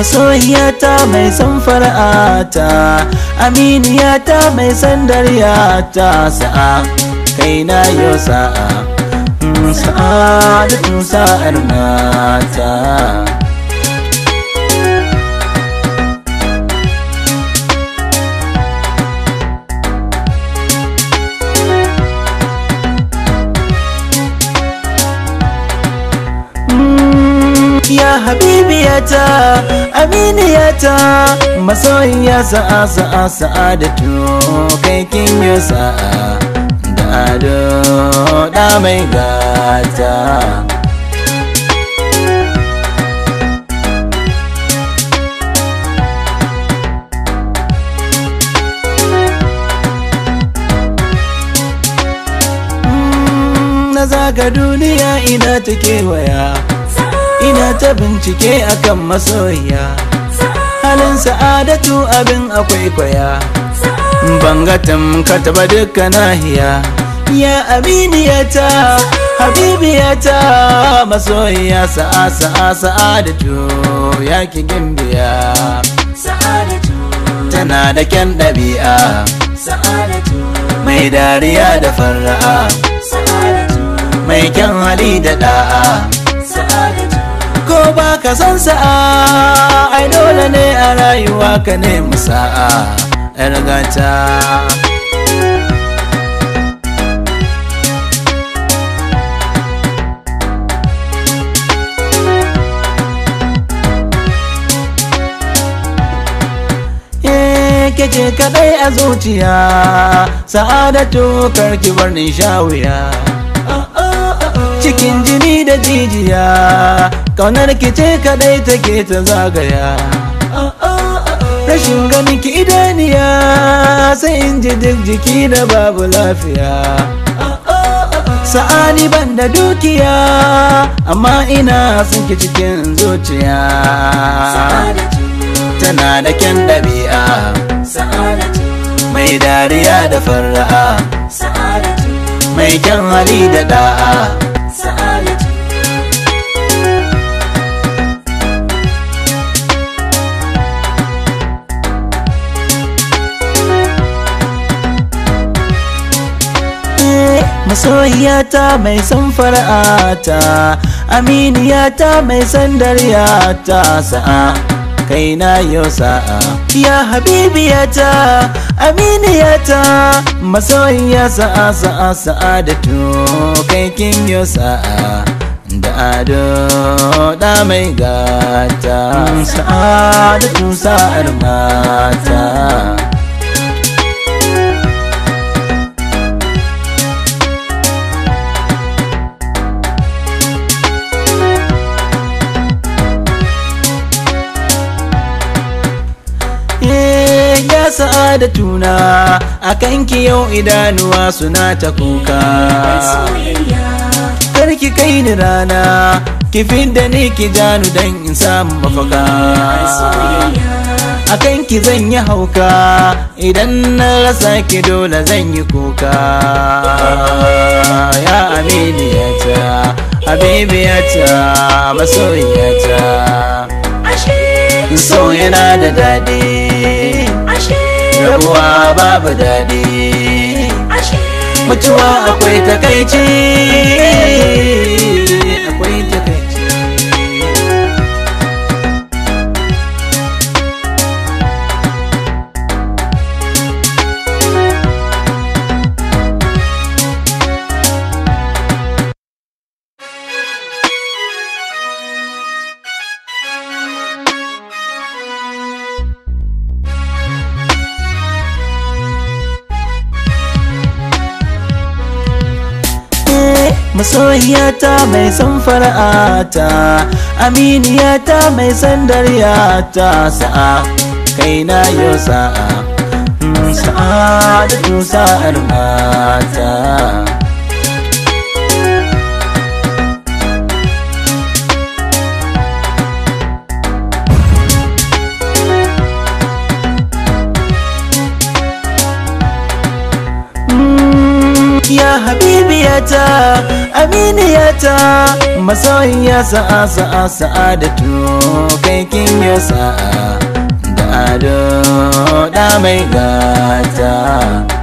masoyiyata mai san fara'ata aminiyata mai san dariyata sa'a kaina yau sa'a sa'a da sa'ar mata ya ya ta, ya aminiyata masoyiya sa'a sa'a sa'a da kai kin yi sa'a da ado da mai gata mm, na zaga duniya ina take waya ina ta bincike akan masoya halin sa'adatu abin akwai kwaya banga tamka taba duka nahiya ya aminiyata habibiyata masoya sa'a sa'a sa'adatu ya ki gimbiya sa'adatu tana da kyan ɗabi'a sa'adatu mai dariya da fara'a sa'adatu mai kyan hali da ɗa'a. sa'adatu ba ka san sa'a ai dole ne a rayuwa ka ne musa'a yar gata kece kadai a zuciya sa'adatu karki bar shawiya, ah, ah, ah, cikin jini da jijiya Kaunar ki ce kadai take ta zagaya rashin ganin ki idaniya sai in ji duk jiki da babu lafiya sa'ani ban da dukiya amma ina son cikin zuciya tana da kyan dabi'a mai dariya da fara'a mai kyan hali da da'a masoyiyata mai san fara'ata aminiyata mai san dariyata sa'a kaina yau sa'a ya habibiyata aminiyata masoyiya sa'a sa'a sa'a da to yau sa'a da ado da mai gata sa'a da tun sa'ar mata da tuna a kanki yau idanuwa suna ta kuka karki kai ni rana ki da ni ki janu dan in samu mafaka a kanki zan yi hauka idan na rasa ki dole zan yi kuka ya aminiyata habibiyata masoyiyata so yana da daɗi mutuwa babu daɗi mutuwa akwai takaici masoyiyata mai san fara'ata aminiyata mai san dariyata sa'a kaina yau sa'a sa'a da sa'ar mata zuciya habibiyata aminiyata ya sa'a sa'a sa'a da kai kin ya sa'a da ado da mai gata